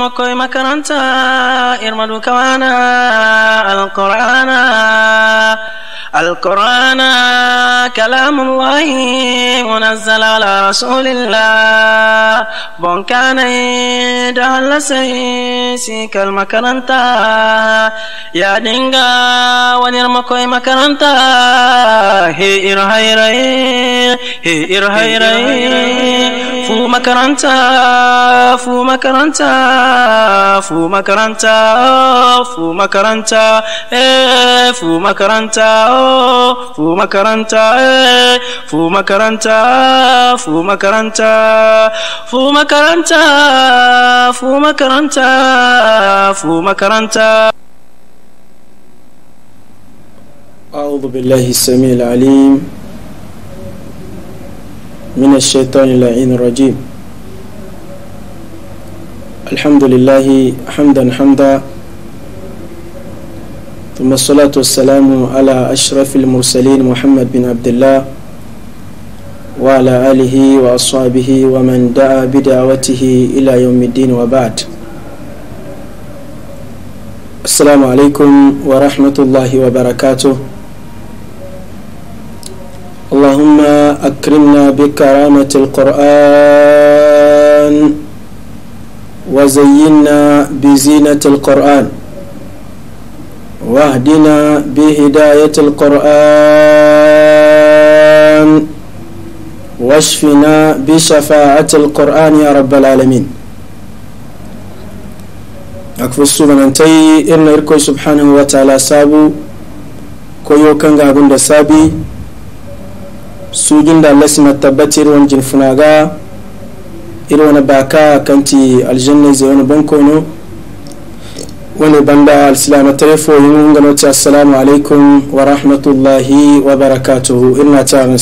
makoy makaranta irma dukawana alqur'ana القرآن كلام الله منزل على رسول الله بون كان بونكان دهل سيسي كالمكرنتا يا دينغا ونرمكوي مكرنتا هي إرهيري هي إرهيري fu makaranta fu makaranta fu makaranta fu makaranta eh fu makaranta fuma karanta fuma karanta fuma karanta fuma karanta fuma karanta fuma karanta أعوذ بالله السميع العليم من الشيطان اللعين الرجيم الحمد لله حمدا حمدا ثم الصلاة والسلام على أشرف المرسلين محمد بن عبد الله وعلى آله وأصحابه ومن دعا بدعوته إلى يوم الدين وبعد السلام عليكم ورحمة الله وبركاته اللهم أكرمنا بكرامة القرآن وزينا بزينة القرآن واهدنا بهداية القرآن واشفنا بشفاعة القرآن يا رب العالمين أكفو السوبان أنتي إرنا إركوي سبحانه وتعالى سابو كويو كان غاقون سابي سوجين دا lasina tabbati ونجن فناغا irin wani baka الجنة زيون بنكونو wani banda alisilama telefoni mun gano ci assalamu alaikum wa rahmatullahi wa barakatuhu ina ta a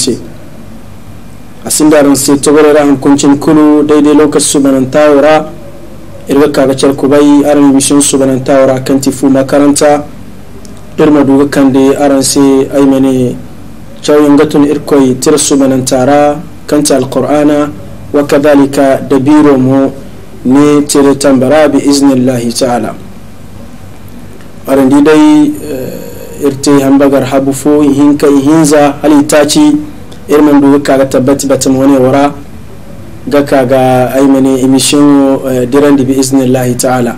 asin da ranse ta gwada da hankuncin kulu daidai lokacin su banan tawura irga kagacar ku bai aran mishin su banan tawura kan tifu makaranta irma duga kan da aran se ai mene chawin gatun irkoi tir su banan tara kanta alqur'ana wa kadhalika dabiro mu ne tere tambara bi iznillahi ta'ala arandi dai eh, irte hambagar habu fo hinka hinza hali taci irman do kaga tabbati batam wani wara ga kaga aimane emission eh, dirandi bi iznillahi ta'ala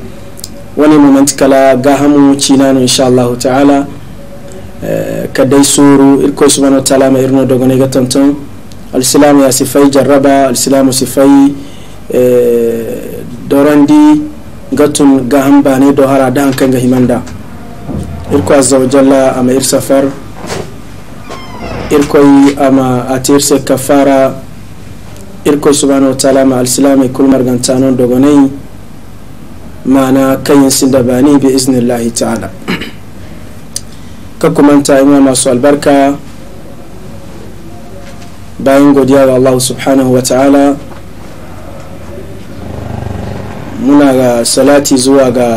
wani moment kala ga hamu cinano insha Allah ta'ala eh, kadai suru irko subhanahu wa ta'ala mai irno dogone ga tantan alisilamu ya sifai jarraba alisilamu sifai dorandi gatun ga hambane do hara da hankan ga himanda irko azza wa jalla ama ir safar irkoy ama ati irse kafara irkoy subhanahu wa taala ma alsilamay kul margantanon dogonay mana kayin sindabani bi iznillahi ta'ala ka kumanta ina masu albarka bayan godiya ga allahu subhanahu wa ta'ala muna ga salati zuwa ga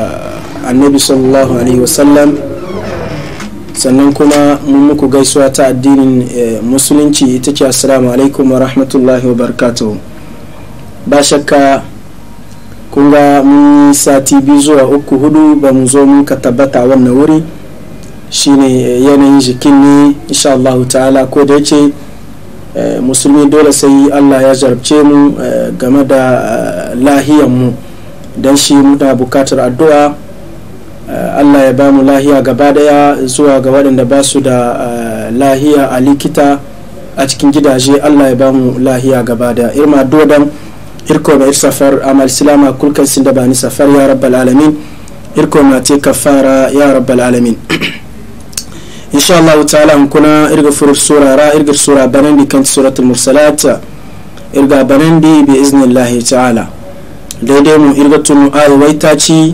annabi sallallahu alaihi wasallam sannan kuma mun muku gaisuwa ta addinin eh, musulunci ita ce assalamu alaikum wa rahmatullahi wa barkato ba shakka kun ga mun sati biyu zuwa uku hudu ba mu zo mun ka tabbata wannan wuri shine eh, yanayin jikin ne insha Allah ta'ala ko da yace eh, musulmi dole sai Allah ya jarabce mu game da lahiyan mu dan shi muna bukatar addu'a Eh, allah ya bamu lahiya gaba daya zuwa ga waɗanda ba su da eh, lahiya a likita a cikin gidaje allah ya bamu lahiya gaba daya irma dodan irko mai safar amal silama kulkan sin da ba ni safar ya rabbal alamin irko ma te kafara ya rabbal alamin insha allah ta'ala kuna irga furu sura ra irga sura banan di kan suratul mursalat irga banan di bi iznillahi ta'ala daidai mu irga tunu ayi ta ci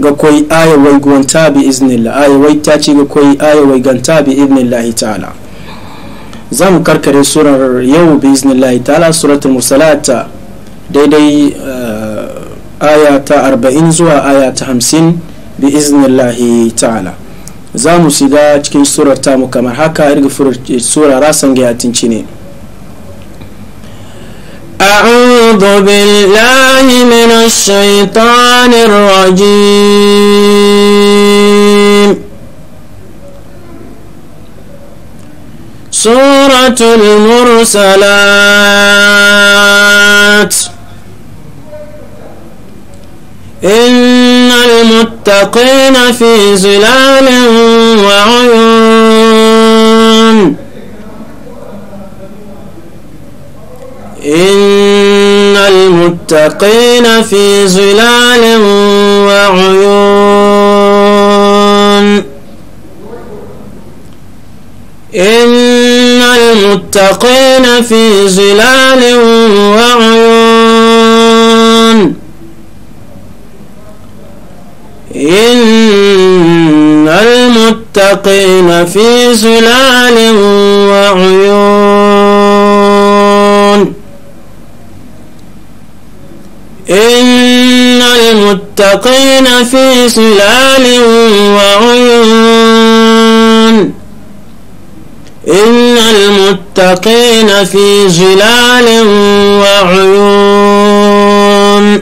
ga koi aya wai gwanta bi iznillah aya ta ce ga koi aya wai ganta bi iznillah ta'ala za mu karkare surar yau bi iznillah ta'ala surat musalata daidai eh, aya ta arba'in zuwa aya ta hamsin bi iznillah ta'ala za mu shiga cikin surar mu kamar haka irga sura rasan gayatin ne أعوذ بالله من الشيطان الرجيم سورة المرسلات إن المتقين في ظلال وعيون للمتقين في ظلال وعيون إن المتقين في ظلال وعيون إن المتقين في ظلال وعيون إن المتقين في سلال وعيون إن المتقين في ظلال وعيون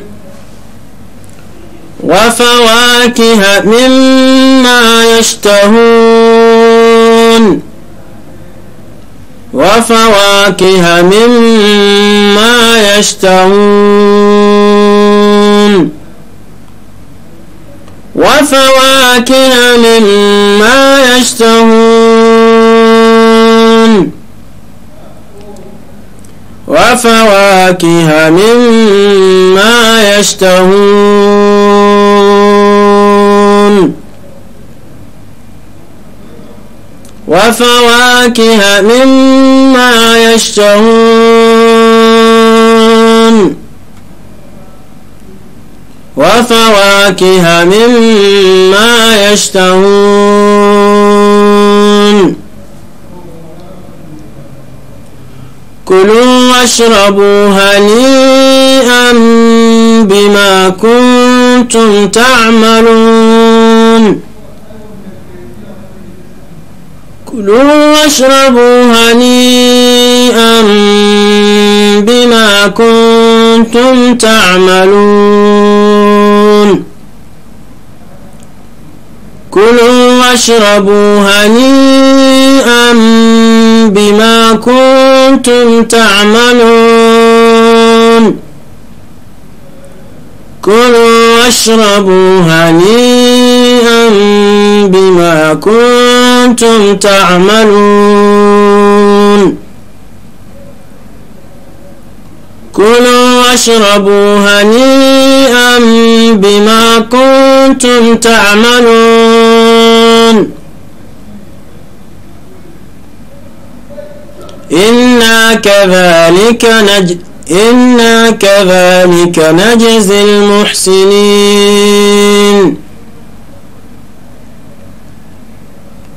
وفواكه مما يشتهون وفواكه مما يشتهون وفواكه مما يشتهون وفواكه مما يشتهون وفواكه مما يشتهون وفواكه مما يشتهون كلوا واشربوا هنيئا بما كنتم تعملون كلوا واشربوا هنيئا بما كنتم تعملون كلوا واشربوا هنيئا بما كنتم تعملون كلوا واشربوا هنيئا بما كنتم تعملون كلوا واشربوا هنيئا بما كنتم تعملون إنا كذلك نج إنا كذلك نجزي المحسنين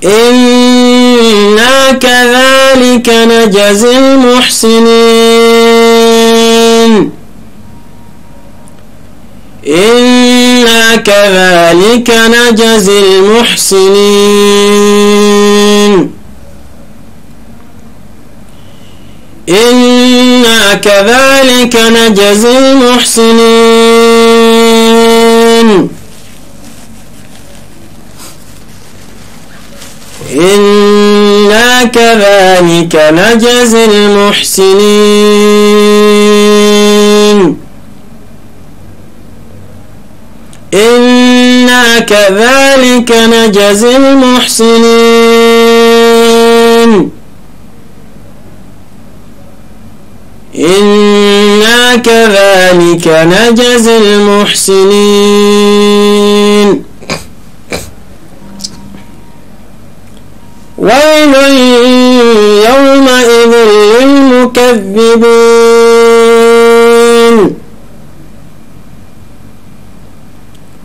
إنا كذلك نجزي المحسنين إنا كذلك نجزي المحسنين إنا كذلك نجزي المحسنين إنا كذلك نجزي المحسنين إنا كذلك نجزي المحسنين إنا كذلك نجزي المحسنين ويل يومئذ للمكذبين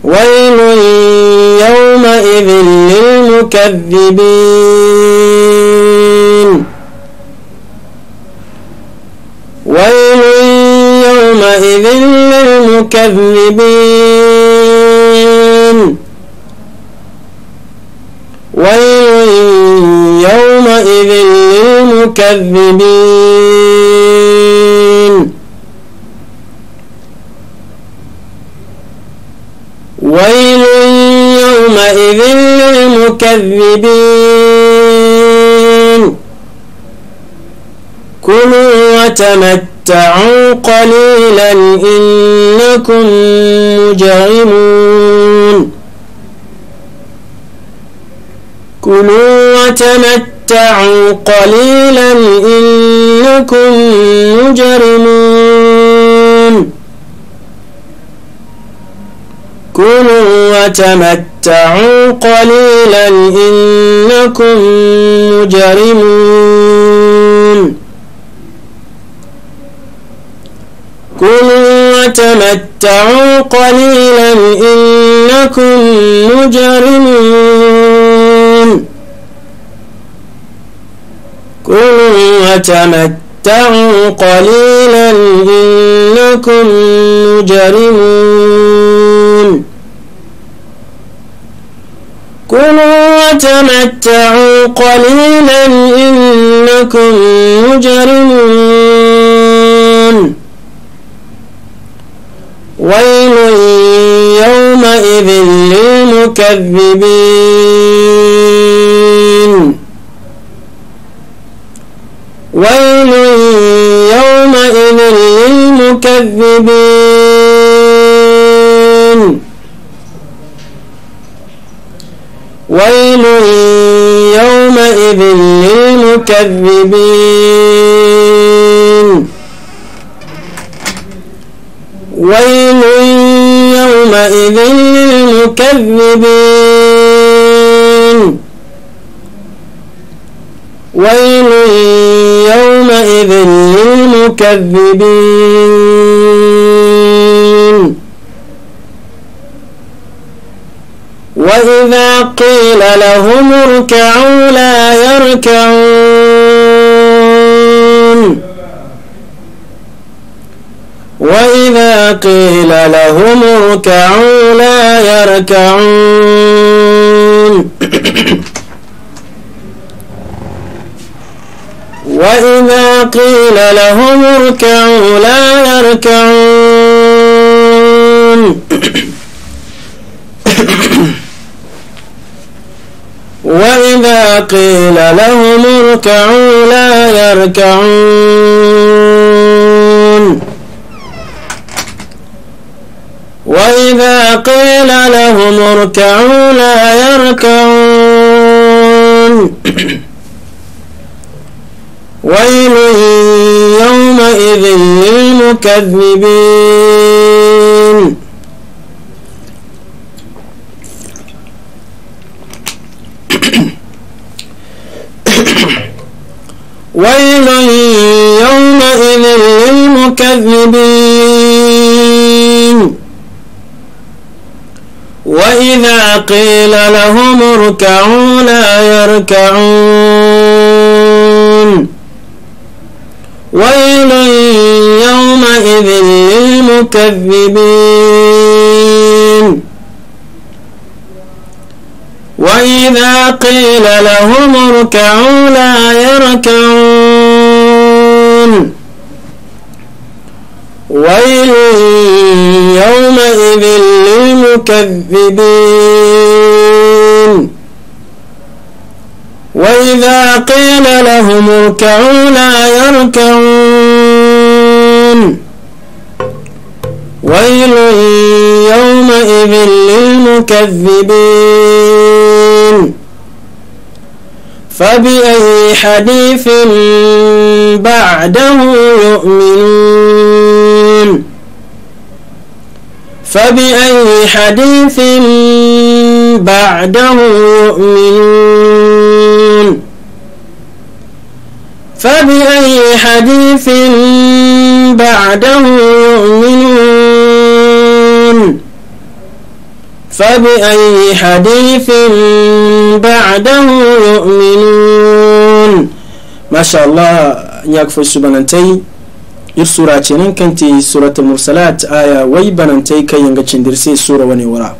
ويل يومئذ للمكذبين المكذبين ويل يومئذ للمكذبين ويل يومئذ للمكذبين كلوا وتمتعوا تمتعوا قليلا إنكم مجرمون كلوا وتمتعوا قليلا إنكم مجرمون كلوا وتمتعوا قليلا إنكم مجرمون كن وتمتعوا قليلا إنكم مجرمون كلوا وتمتعوا قليلا إنكم مجرمون كلوا وتمتعوا قليلا إنكم مجرمون ويل يومئذ للمكذبين ويل يومئذ للمكذبين ويل يومئذ للمكذبين المكذبين ويل يومئذ للمكذبين وإذا قيل لهم اركعوا لا يركعون وإذا قيل لهم اركعوا لا يركعون وإذا قيل لهم اركعوا لا يركعون وإذا قيل لهم اركعوا لا يركعون وإذا قيل لهم اركعوا لا يركعون ويل يومئذ للمكذبين ويل يومئذ للمكذبين وإذا قيل لهم اركعوا لا يركعون ويل يومئذ للمكذبين وإذا قيل لهم اركعوا لا يركعون ويل يومئذ المكذبين وإذا قيل لهم اركعوا لا يركعون ويل يومئذ للمكذبين فبأي حديث بعده يؤمنون فبأي حديث بعده يؤمنون فبأي حديث بعده يؤمنون فبأي حديث بعده يؤمنون ما شاء الله يكفي سبحانه ir sura nan kanti surata mursalat aya wai banantai kai yanga cindirse sura wani wara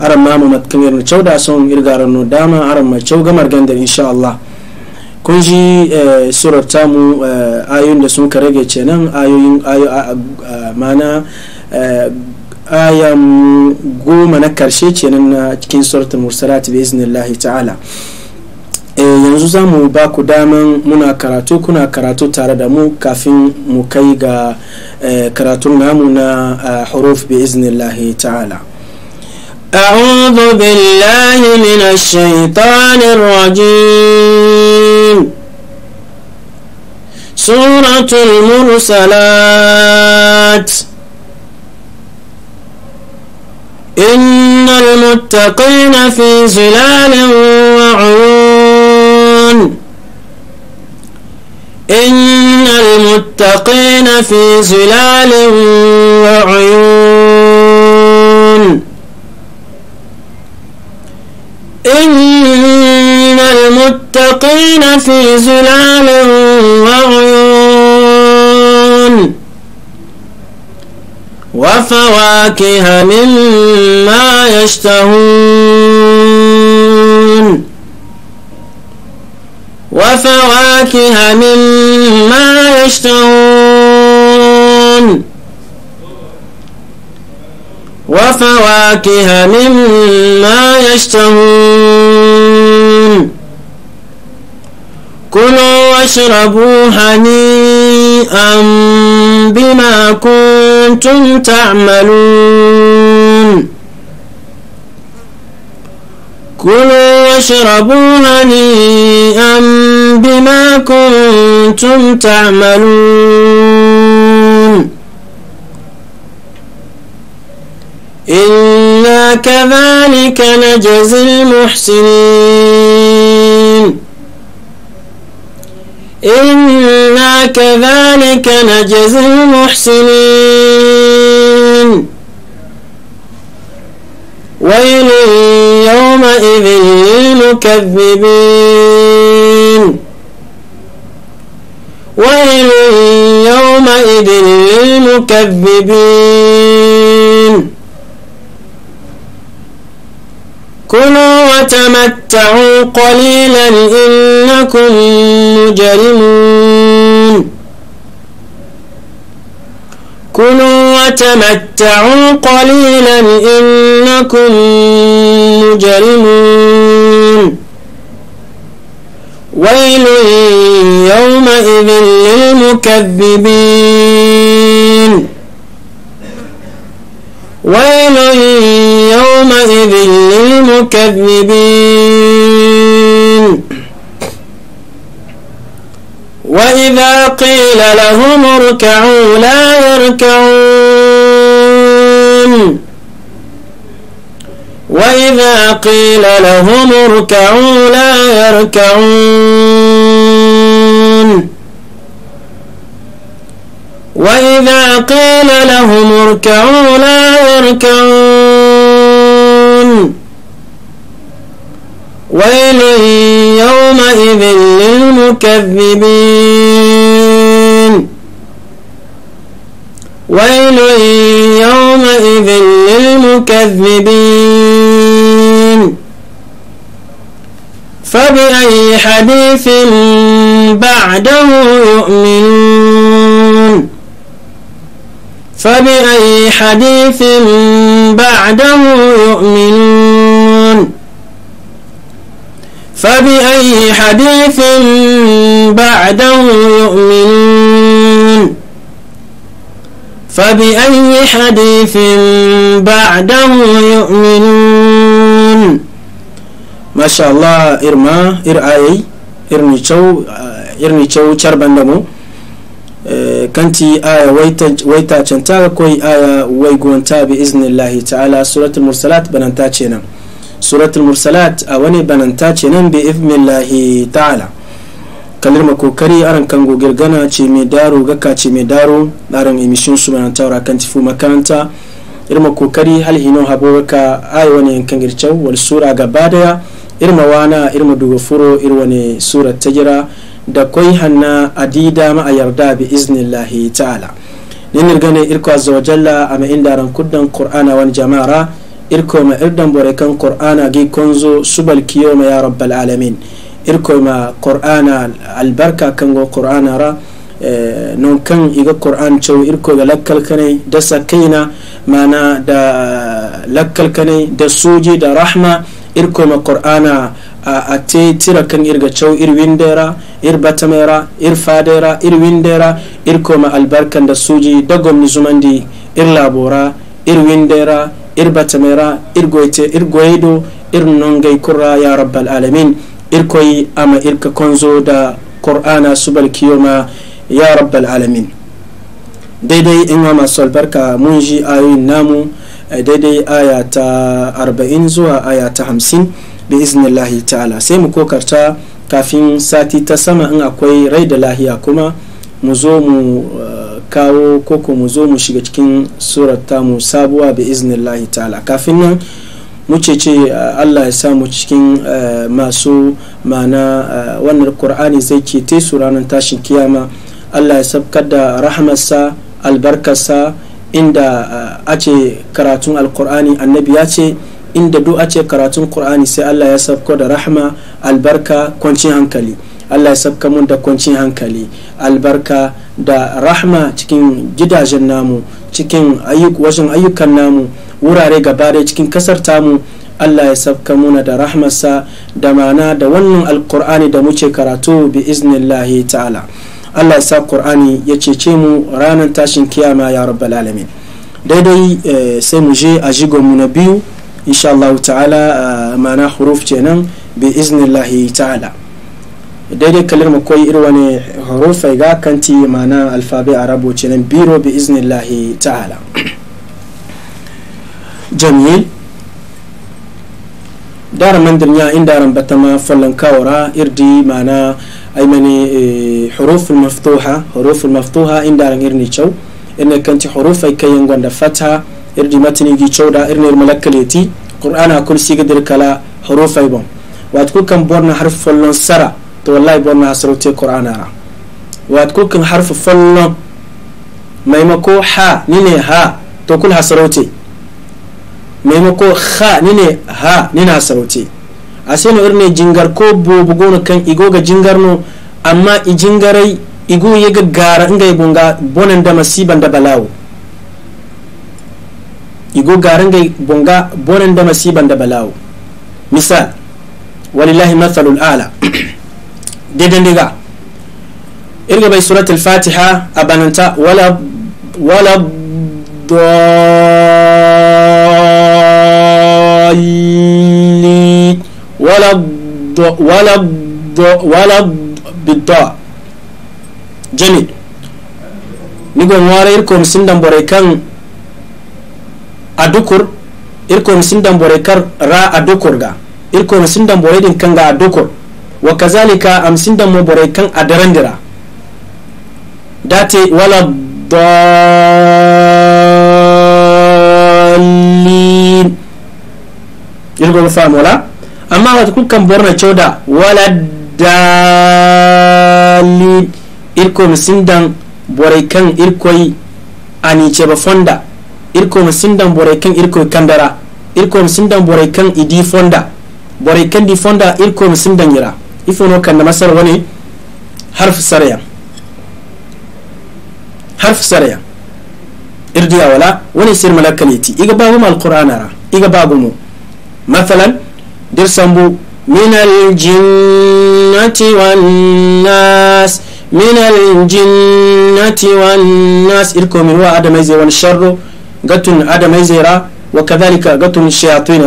aran ma mu matkamir no da son irgaran no dama aran ma chau gamar gandar insha Allah kun ji eh, surar mu eh, ayoyin da sun rage nan ayoyin mana eh, ayam goma na karshe ce na cikin suratul mursalat bi iznillahi ta'ala e, yanzu za mu ba ku daman muna karatu kuna karatu tare da mu kafin mu kai ga e, karatun namu na eh, huruf bi iznillahi ta'ala أعوذ بالله من الشيطان الرجيم سورة المرسلات إن المتقين في ظلال وعيون إن المتقين في زلال وعيون إن المتقين في زلال وعيون وفواكه مما يشتهون وفواكه مما يشتهون وفواكه مما يشتهون كلوا واشربوا هنيئا بما كنتم تعملون كلوا واشربوا هنيئا بما كنتم تعملون إنا كذلك نجزي المحسنين إنا كذلك نجزي المحسنين ويل يومئذ للمكذبين ويل يومئذ للمكذبين كلوا وتمتعوا قليلا إنكم مجرمون كلوا وتمتعوا قليلا إنكم مجرمون ويل يومئذ للمكذبين ويل يومئذ للمكذبين وإذا قيل لهم اركعوا لا يركعون وإذا قيل لهم اركعوا لا يركعون وإذا قيل لهم اركعوا لا يركعون ويل يومئذ للمكذبين ويل يومئذ للمكذبين فبأي حديث بعده يؤمنون فبأي حديث بعده يؤمنون فبأي حديث بعده يؤمنون فبأي حديث بعده يؤمنون ما شاء الله إرما إرأي إرنيتو إرنيتو تربندمو آه، كنتي آية ويتا ويتا تشنتا كوي آية ويقول تابي بإذن الله تعالى سورة المرسلات بننتا suratul mursalat a wani bananta ce nan bi ifmillahi ta'ala kalirma kokari aran kan gogir gana ce mai daro gaka ce mai daro aran emission su bananta wara kan tifu makaranta irma kokari hal hino habo gaka ai wani yankan gircau wal sura gaba daya irma wana irma duga furo irwa ne sura ta jira da kwai hanna adida ma a yarda bi iznillahi ta'ala ninir gane irko azza a ama indaran kuddan qur'ana wani jama'ara irkoyma irdambore kan qur'ana gi konzo subal kiyoma ya rabbal alamin ma qur'ana albarka go qur'ana ra eh, non kan iga qur'an cow lakkal lakkalkanai da sakaina mana da lakkalkanai da suji da rahma ma qur'ana a te tira kan irga cow ir windera ir batamera ir fadera ir windera irkoyma albarkan da suji da gomni zumandi ir labora ir windera ir batamera ir goyte ir goydo ir nongay kurra ya rabbal alamin ir koy ama ir ka konzo da qur'ana subal kiyoma ya rabbal alamin daidai in ma sol barka mun ji ayoyin namu daidai aya ta 40 zuwa aya ta 50 bi iznillahi ta'ala sai mu kokarta kafin sati ta sama in akwai rai da lahiya kuma mu zo mu kawo koko mu zo mu shiga cikin surata mu sabuwa bi iznillahi ta'ala kafin nan mu ce ce eh, Allah ya samu cikin eh, masu mana eh, wannan Qur'ani zai kete su ranar tashin kiyama Allah ya sabkar da rahamarsa albarkarsa inda a ce karatun alkur'ani annabi ya ce inda duk a ce karatun kur'ani sai Allah ya sabko da rahma albarka kwancin hankali allah ya sabka mun da kwancin hankali albarka da rahma cikin gidajen namu cikin wajen ayyukan namu wurare gaba da cikin kasar tamu allah ya sabka muna da rahmarsa da mana da wannan alkur'ani da muke karatu bi iznillahi ta'ala allah ya sa kur'ani ya cece mu ranar tashin kiyama ya rabbal alamin daidai eh, sai mu je a jigon mu na biyu insha allah ta'ala eh, mana huruf kenan bi iznillahi ta'ala daidai kalir mu koyi irwa wani hurufai ga kanti mana alfabe arabo ce nan biro bi iznillahi ta'ala jamil dara man ya in daran batama fallan kawara irdi mana ay mani huruf eh, maftuha huruf maftuha in daran irni chaw in kanti huruf kayan gonda fata irdi matni gi chawda irni malakaleti qur'ana kul siga dir kala huruf ay bon wat ku kan borna harf sara to wallahi bonna ha sarauce qur'anara waad kul kan harfu fonno maimako ha nine ha to kul ha sarauce maimako ha nine ha nina ha jingar ko bobu gono kan igoga jingarno amma i jingarai igu yega gara nga ibunga bonen da masiban da balawo igo bunga bonan da masiban da balawo misal walillahi mathalul ala daidai diga irga bai surat al-fatiha a bananta wala wala dolli wala wala wala bidda jami nigon wara irko misin dambore kan adukur irko misin dambore kar ra adukur ga irko misin dambore din kan ga adukur wa kazalika amsin da mubarai kan adaran dira date wala dallin yirgo ba famu amma wata kukan borna cewda wala dallin irko musindan borai kan irkoi anice ba fonda irko musindan borai kan irkoi kandara irko musindan borai kan idi fonda borai kan di fonda irko musindan yira ifono kanda masar wani harf sarya harf sarya irdiya wala wani sir malakaliti iga babu mal ra iga babu mu mathalan dir sambu min al jinnati wan nas min al jinnati wan nas irko min wa adamai zai wan sharru gatun adamai zai ra wa kadhalika gatun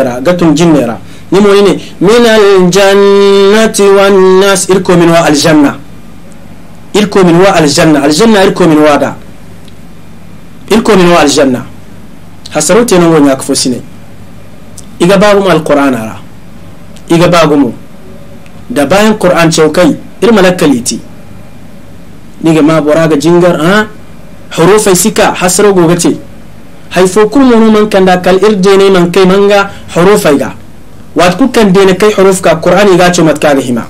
ra gatun ra. nimo ne min aljannati wan nas irko min wa aljanna irko min wa aljanna aljanna irko min wa da irko min wa aljanna hasaro te non wonya kafo sine iga babu mu alqur'ana ra iga babu mu da bayan qur'an chaukai ir malakaliti ga ma boraga jingar ha hurufai sika hasaro gogate haifo kulmono man kanda kal irdene man kai manga hurufai ga waad ku kandeenakay xurufka qur'anigaa jumadkaaga hima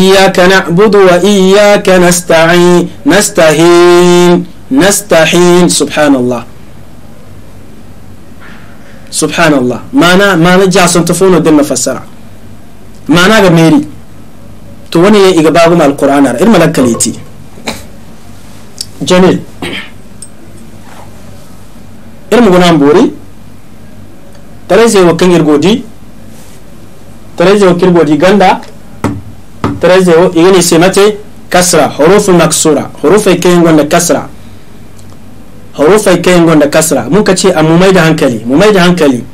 iyaaka nacbudu wa iyaaka nastaciin nastahiin nastaxiin subxaan allah subxaan allah maana maana jaasontafuno dema fasara maanaaga meeri tuwaniya igabaaguma alqur'aan ara irmala kaleeti jamiil irmugunaan buuri tarese wa kengir godi tarese wa kirgodi ganda 13 wo igani semate kasra hurufu maksura hurufu e kayin gonda kasra hurufu e kayin gonda kasra mun ka ce a mu da hankali mu da hankali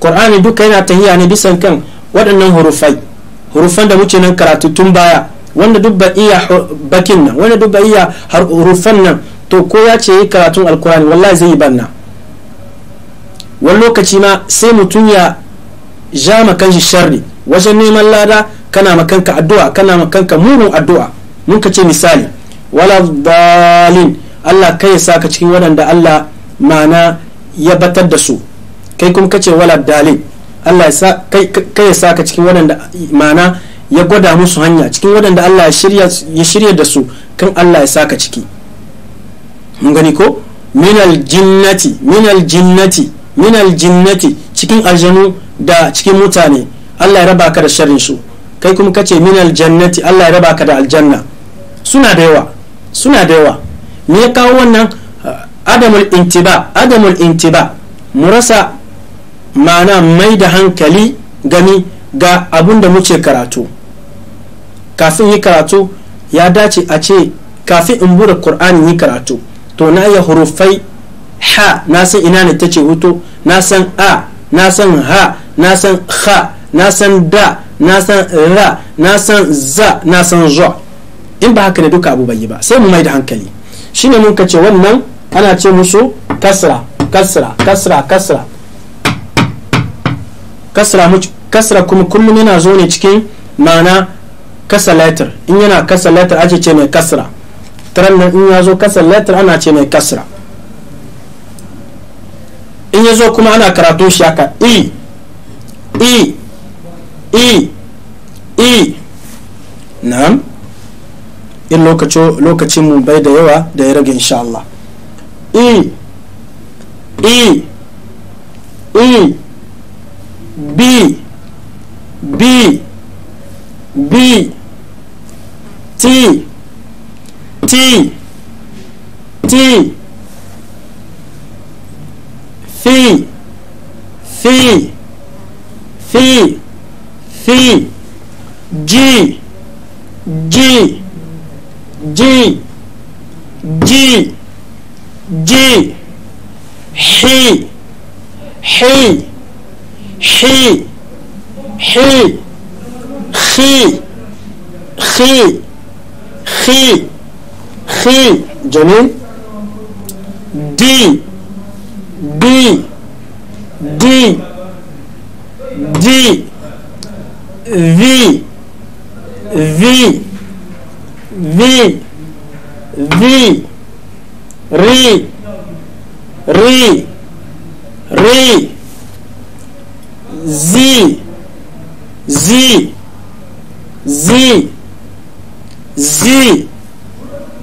qur'ani duka yana tahiya ne bisan kan waɗannan hurufai hurufan da muke nan karatu tun baya wanda duk ba iya bakin nan wanda duk ba iya hurufan nan to ko ya ce yi karatun alkur'ani wallahi zai yi banna wani lokaci ma sai mutum ya ja makan shi sharri wajen neman lada kana makanka addu'a kana makanka mugun addu'a mun ka ce misali wala dalin Allah kai ya saka cikin waɗanda Allah mana ya batar da su kai kuma kace wala dalin Allah kai ya saka cikin waɗanda mana ya gwada musu hanya cikin waɗanda Allah ya shirya da su kan Allah ya saka ciki mun gani ko minal jinnati minal jinnati min aljinnati cikin aljanu da cikin mutane Allah ya raba ka da sharrin su kai kuma kace min aljannati Allah ya raba ka da aljanna suna da yawa suna da yawa me ya kawo wannan adamul intiba adamul intiba mu rasa ma'ana mai da hankali gani ga abun da muke karatu kafin yi karatu ya dace a ce kafin in bude qur'ani yi karatu to na iya hurufai ha na san ina ne tace hutu na san a na san ha na san ha na san da na san ra na san za na san zo in ba haka da duka abu bai yi ba sai mu mai da hankali shine mun ce wannan ana ce musu kasra kasra kasra kasra kasra kasra kuma kullum yana zo ne cikin ma'ana kasa letter in yana kasa letter ake ce mai kasra tarannan in ya zo kasa letter ana ce mai kasra in ya zo kuma ana karatu shi haka i i i i in lokacin mu bai da yawa da ya rage insha Allah i i i b b b t t t في في جي جي جي جي جي حي حي حي حي خي خي خي خي جميل si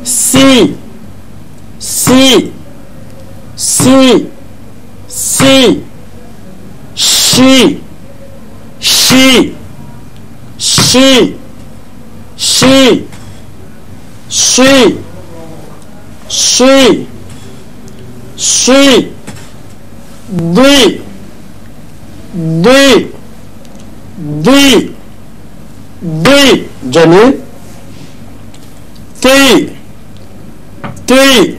si, si, si, si, chi, chi, chi, chi, chi, chi, chi, di, di, di, di, three, three,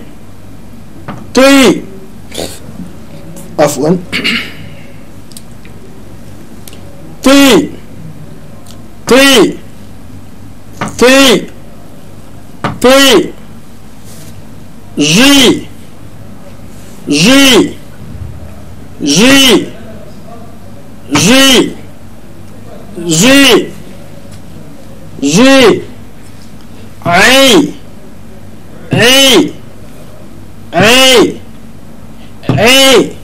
three. عفوا three, three, three, three. J, J, J, J, J, J. 哎！哎！哎！哎！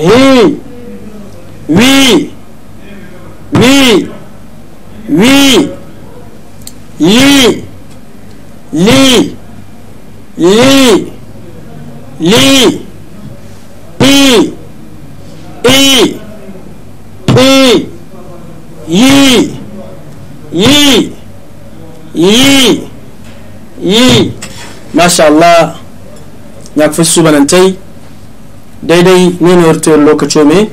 hii wii wii wii lii lii lii lii pii ii yii yii yii yii macha allah ñaa ko fa subanantey daidai nene wartir mai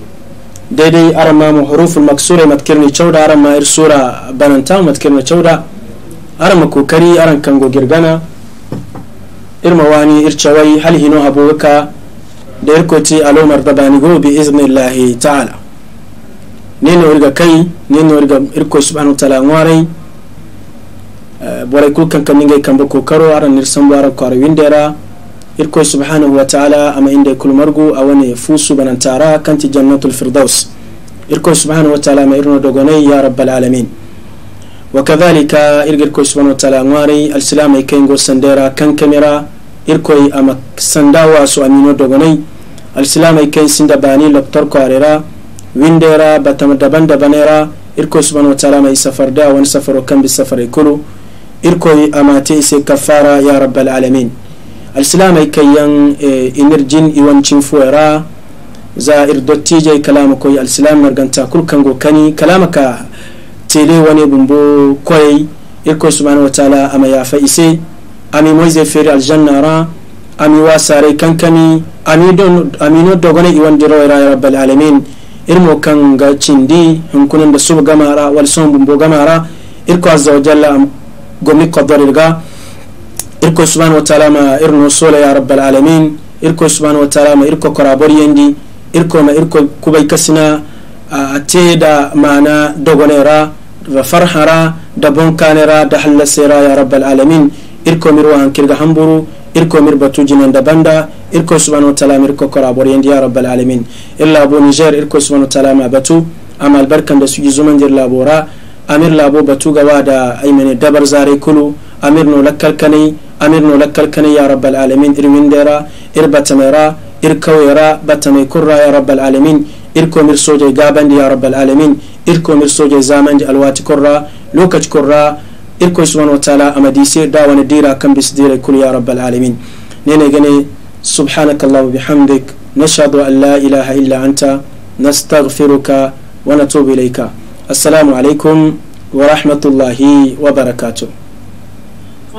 daidai arama mu huruful maksura matkirni chawda arama ir sura bananta matkirni chawda arama kokari aran kango girgana irma wani irchawai hal hino habowaka da irkoti alomar da banigo bi lahi ta'ala na warga kai nene warga irko subhanahu wa ta'ala ngwarai eh, borai kulkan kamingai kamba kokaro aran nirsambu aran kwara windera irkoy subxaanahu watacaala ama inday kulmargu awani fuusu banantaara kanti jannatu lfirdows irkoy subxaanahu watacaala ama irno dogonay ya rab alcaalamiin wakadhalika irga irkoy subxana watacaala ngwari alsilamay kayngo sandera kan kamera irkoy ama sandawaaso amino dogonay alsilamay kayn sindabani lobtorko arera windera batama daban dabanera irkoy subxana watacaala ama isafarde awan safaro kan bisafaray kulu irkoy amate ise kafara ya rab alcaalamiin alisilama kai yan inirjin iwancin fuwara za irdo tije kalama koy alisilama marganta kulkan gokani kalama ka tele wani bumbo koy irko subhanahu wa ta'ala ama yafa ise ami moise feri aljanna ra ami sare kankani ami don ami no dogone diro ra rabbal alamin irmo kan ga cindi hunkunan da suba gamara wal son bumbo gamara irko azza wa jalla gomni irko subhanahu wa ta'ala ma irno sola ya rabbal alamin irko subhanahu wa ta'ala ma irko korabor yendi irko ma irko kubai kasina a da mana dogonera da farhara da bonkanera da hallasera ya rabbal alamin irko mirwa hankirga hamburu irko mir batu jinan da banda irko subhanahu wa ta'ala irko korabor yendi ya rabbal alamin illa bo niger irko subhanahu wa ta'ala ma batu amal barkan da su yi zuman jir labora amir labo batu gawa da aimane dabar zare kulu amir no lakkalkanai amir no lakkal ya rabbal alamin ir ir batamera ir kawera batame kurra ya rabbal alamin ir komir soje gabandi ya rabbal alamin ir komir soje zamandi alwati kurra lokaci kurra ir ko subhanahu wa ta'ala amadi sir da wani dira kan bis dira kul ya rabbal alamin ne ne gane allah wa bihamdik nashhadu an la ilaha illa anta nastaghfiruka wa natubu ilayka assalamu alaikum wa rahmatullahi wa barakatuh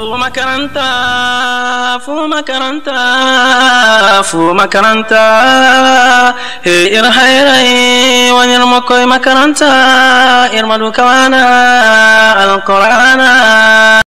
makaranta fu makaranta fu makaranta he ir hayrai wanyar makoy makaranta ir madu al Qurana.